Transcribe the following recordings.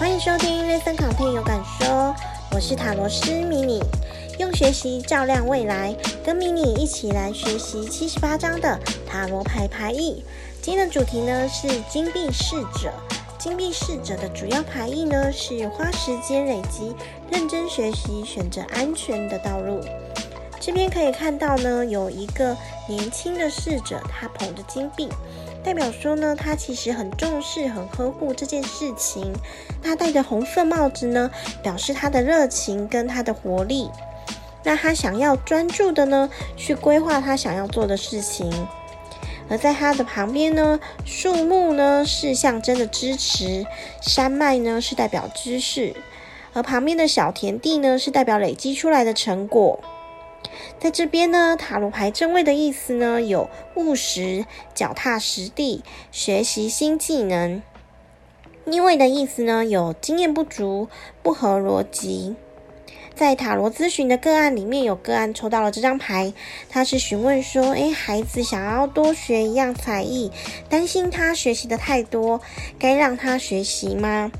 歡迎收聽《人生卡片有感說》，我是塔羅師迷你，用學習照亮未來，跟迷你一起來學習七十八張的塔羅牌牌意。今天的主題呢是金幣侍者，金幣侍者的主要牌意呢是花時間累積，認真學習，選擇安全的道路。這邊可以看到呢，有一個年輕的侍者，他捧着金幣，代表說呢，他其實很重視、很呵護這件事情。他戴着紅色帽子呢，表示他的熱情跟他的活力。那他想要專注的呢，去規劃他想要做的事情。而在他的旁邊呢，樹木呢是象徵的支持，山脈呢是代表知識，而旁邊的小田地呢是代表累積出來的成果。在這邊呢，塔羅牌正位的意思呢，有務實、腳踏實地、學習新技能；逆位的意思呢，有經驗不足、不合邏輯。在塔羅諮詢的個案裡面，有個案抽到了這張牌，他是詢問說：誒、欸，孩子想要多學一樣才藝，擔心他學習的太多，該讓他學習嗎？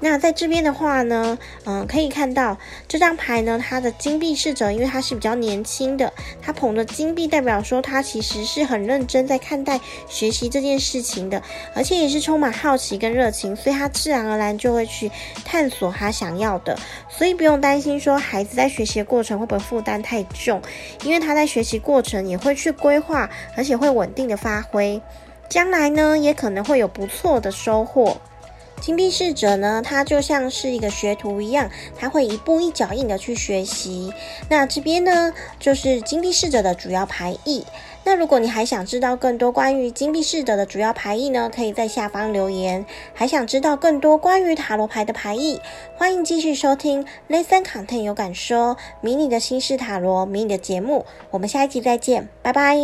那在這邊的話呢，嗯、呃，可以看到這張牌呢，它的金幣侍者，因為他是比較年輕的，他捧着金幣，代表說他其實是很認真在看待學習這件事情的，而且也是充滿好奇跟熱情，所以他自然而然就會去探索他想要的，所以不用擔心說孩子在學習的過程會不會負擔太重，因為他在學習過程也會去規劃，而且會穩定的發揮，將來呢也可能會有不錯的收穫。金幣侍者呢，他就像是一個學徒一樣，他會一步一腳印的去學習。那這邊呢，就是金幣侍者的主要牌意。那如果你還想知道更多關於金幣侍者的主要牌意呢，可以在下方留言。還想知道更多關於塔羅牌的牌意，歡迎繼續收聽 ListenContent 有感說迷你的心事塔羅迷你的節目。我們下一集再見，拜拜。